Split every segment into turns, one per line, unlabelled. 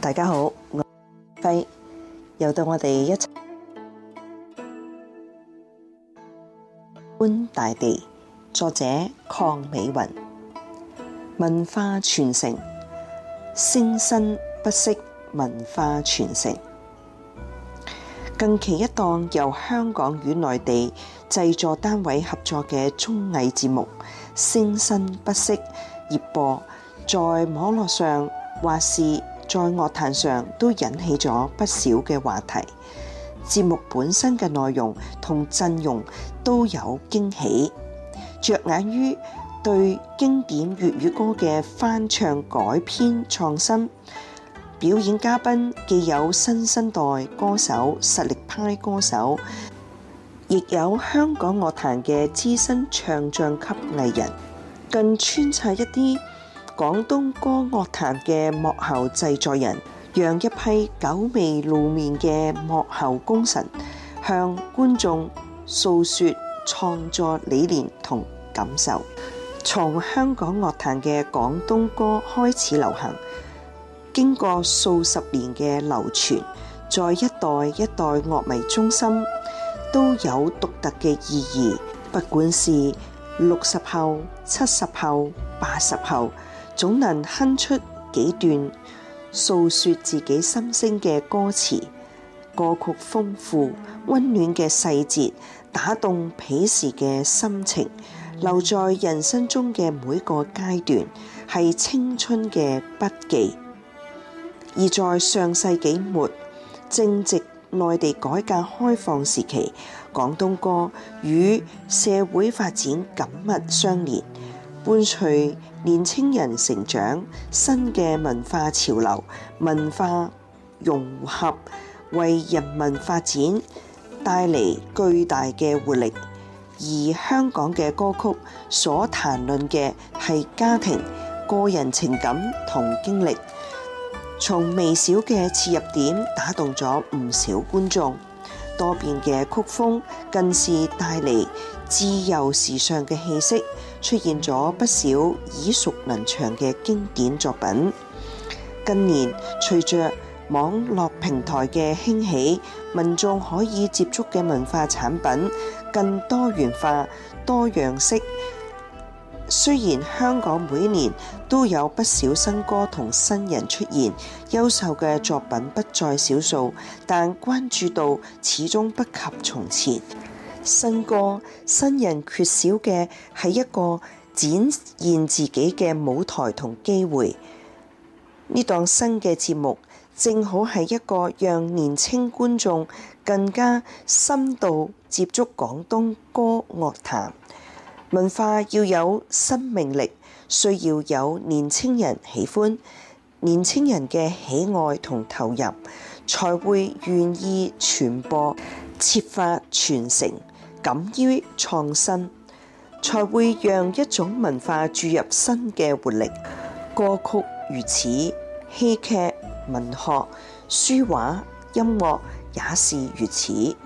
大家好，我係輝又到我哋一齊觀大地。作者鄺美雲文化傳承，聲生不息。文化傳承，化傳承近期一檔由香港與內地製作單位合作嘅綜藝節目《聲生不息》熱播，在網絡上話是。話在樂壇上都引起咗不少嘅話題，節目本身嘅內容同陣容都有驚喜，着眼於對經典粵語歌嘅翻唱改編創新，表演嘉賓既有新生代歌手、實力派歌手，亦有香港樂壇嘅資深唱將級藝人，更穿插一啲廣東歌樂壇嘅幕後製作人，讓一批久未露面嘅幕後功臣，向觀眾訴說創作理念同感受。從香港樂壇嘅廣東歌開始流行，經過數十年嘅流傳，在一代一代樂迷中心，都有獨特嘅意義。不管是六十後、七十後、八十後。總能哼出幾段訴說自己心聲嘅歌詞，歌曲豐富、溫暖嘅細節，打動彼時嘅心情，留在人生中嘅每個階段，係青春嘅筆記。而在上世紀末，正值內地改革開放時期，廣東歌與社會發展緊密相連。伴隨年青人成長，新嘅文化潮流、文化融合，為人民發展帶嚟巨大嘅活力。而香港嘅歌曲所談論嘅係家庭、個人情感同經歷，從微小嘅切入點打動咗唔少觀眾。多變嘅曲風更是帶嚟自由時尚嘅氣息。出現咗不少耳熟能詳嘅經典作品。近年，隨着網絡平台嘅興起，民眾可以接觸嘅文化產品更多元化、多樣式。雖然香港每年都有不少新歌同新人出現，優秀嘅作品不在少數，但關注度始終不及從前。新歌新人缺少嘅係一個展現自己嘅舞台同機會，呢檔新嘅節目正好係一個讓年輕觀眾更加深度接觸廣東歌樂壇文化。要有生命力，需要有年青人喜歡，年青人嘅喜愛同投入，才會願意傳播、設法傳承。敢於創新，才會讓一種文化注入新嘅活力。歌曲如此，戲劇、文學、書畫、音樂也是如此。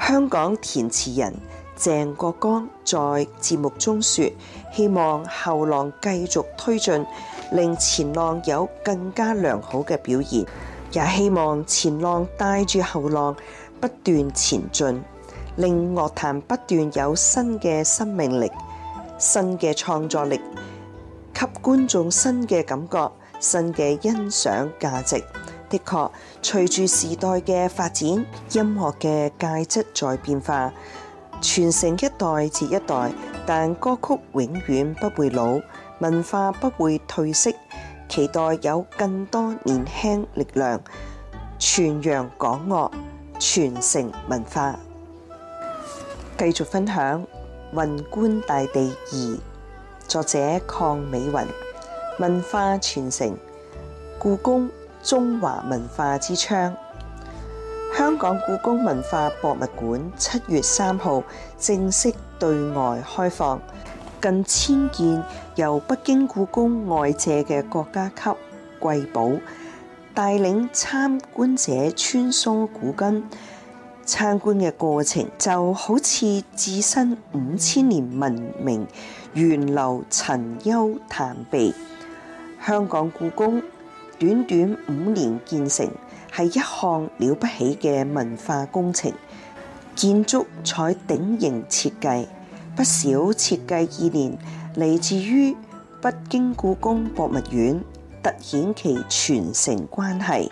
香港填詞人鄭國江在節目中說，希望後浪繼續推進，令前浪有更加良好嘅表現，也希望前浪帶住後浪不斷前進。令樂壇不斷有新嘅生命力、新嘅創作力，給觀眾新嘅感覺、新嘅欣賞價值。的確，隨住時代嘅發展，音樂嘅介質在變化，傳承一代接一代，但歌曲永遠不會老，文化不會褪色。期待有更多年輕力量傳揚港樂，傳承文化。繼續分享《雲觀大地二》，作者鄺美雲。文化傳承，故宮中華文化之窗。香港故宮文化博物館七月三號正式對外開放，近千件由北京故宮外借嘅國家級瑰寶，帶領參觀者穿梭古今。參觀嘅過程就好似置身五千年文明源流，陳幽探秘。香港故宮短短五年建成，係一項了不起嘅文化工程。建築採鼎形設計，不少設計意念嚟自於北京故宮博物院，突顯其傳承關係。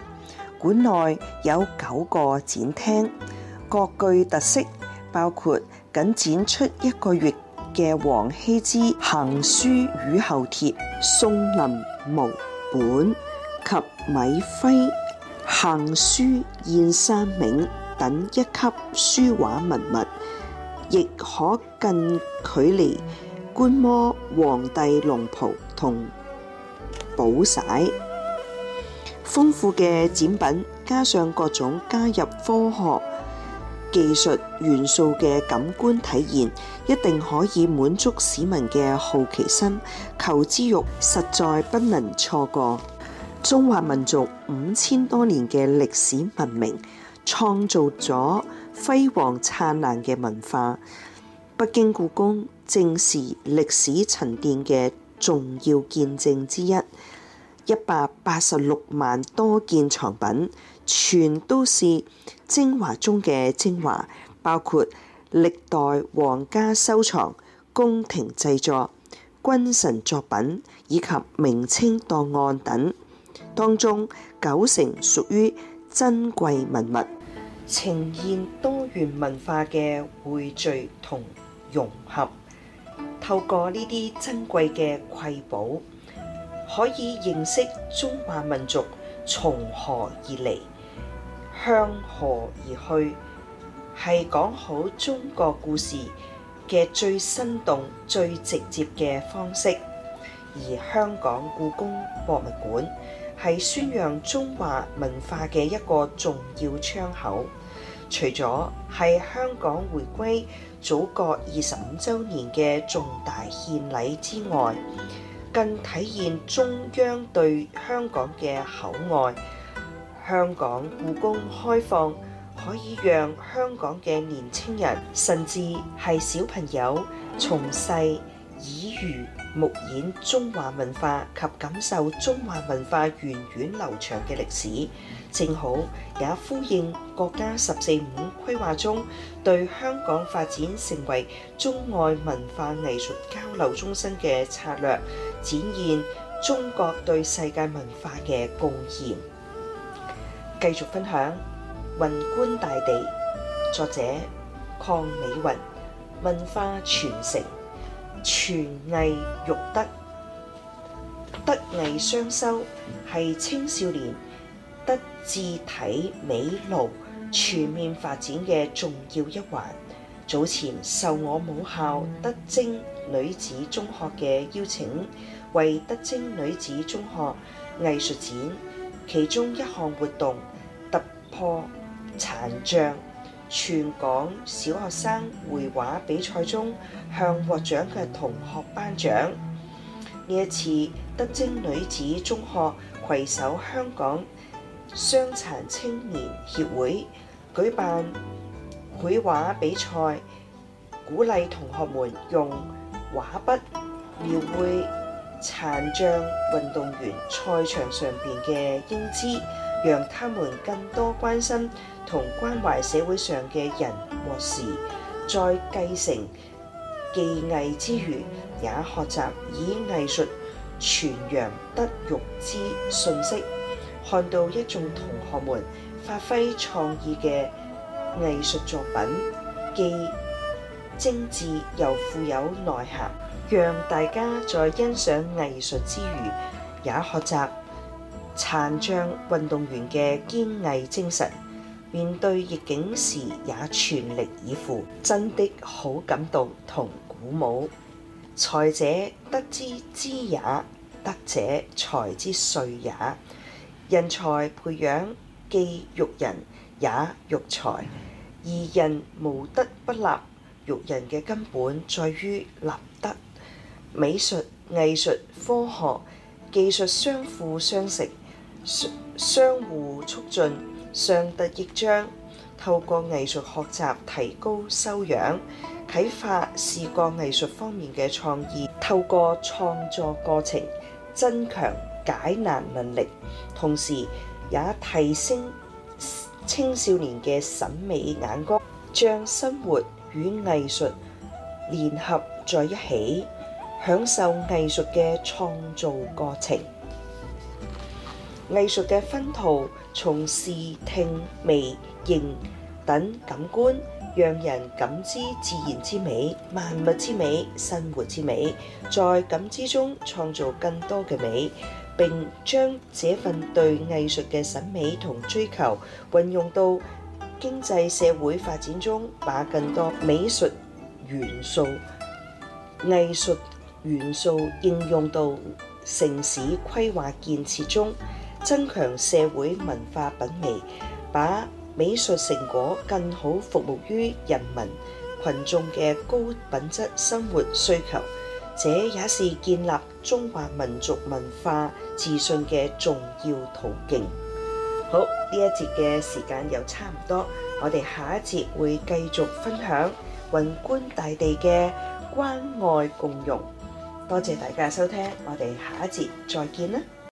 館內有九個展廳。各具特色，包括僅展出一個月嘅王羲之行書《雨後帖》、宋林摹本及米芾行書《研山銘》等一級書畫文物，亦可近距離觀摩皇帝龍袍同寶玺。豐富嘅展品加上各種加入科學。技術元素嘅感官體驗，一定可以滿足市民嘅好奇心、求知欲，實在不能錯過。中華民族五千多年嘅歷史文明，創造咗輝煌燦爛嘅文化。北京故宮正是歷史沉澱嘅重要見證之一，一百八十六萬多件藏品。全都是精華中嘅精華，包括歷代皇家收藏、宮廷製作、君臣作品以及明清檔案等，當中九成屬於珍貴文物，呈現多元文化嘅匯聚同融合。透過呢啲珍貴嘅瑰寶，可以認識中華民族從何而嚟，向何而去？係講好中國故事嘅最生動、最直接嘅方式。而香港故宮博物館係宣揚中華文化嘅一個重要窗口。除咗係香港回歸祖國二十五週年嘅重大獻禮之外，更體現中央對香港嘅厚愛。香港故宮開放，可以讓香港嘅年輕人，甚至係小朋友，從細耳濡目染中華文化及感受中華文化源遠流長嘅歷史，正好也呼應國家十四五規劃中對香港發展成為中外文化藝術交流中心嘅策略，展現中國對世界文化嘅貢獻。繼續分享《雲觀大地》，作者：鄺美雲。文化傳承，傳藝育德，德藝雙修係青少年德智體美勞全面發展嘅重要一環。早前受我母校德菁女子中學嘅邀請，為德菁女子中學藝術展。其中一項活動突破殘障全港小學生繪畫比賽中，向獲獎嘅同學頒獎。呢一次德貞女子中學攜手香港傷殘青年協會舉辦繪畫比賽，鼓勵同學們用畫筆描繪。殘障運動員賽場上邊嘅英姿，讓他們更多關心同關懷社會上嘅人和事，在繼承技藝之餘，也學習以藝術傳揚德育之訊息。看到一眾同學們發揮創意嘅藝術作品，嘅。精緻又富有內涵，讓大家在欣賞藝術之餘也學習殘障運動員嘅堅毅精神。面對逆境時也全力以赴，真的好感動同鼓舞。才者，德之資也，德之資也；德者，才之帥也。人才培養既育人也育才，而人無德不立。育人嘅根本在於立德，美術藝術科學技術相輔相成，相互促進，相得益彰。透過藝術學習提高修養，啟發視覺藝術方面嘅創意；透過創作過程增強解難能力，同時也提升青少年嘅審美眼光，將生活。與藝術聯合在一起，享受藝術嘅創造過程。藝術嘅熏陶從視、聽、味、形等感官，讓人感知自然之美、萬物之美、生活之美，在感知中創造更多嘅美，並將這份對藝術嘅審美同追求運用到。經濟社會發展中，把更多美術元素、藝術元素應用到城市規劃建設中，增強社會文化品味，把美術成果更好服務於人民群眾嘅高品質生活需求，這也是建立中華民族文化自信嘅重要途徑。好，呢一節嘅時間又差唔多，我哋下一節會繼續分享雲觀大地嘅關愛共融。多謝大家收聽，我哋下一節再見啦。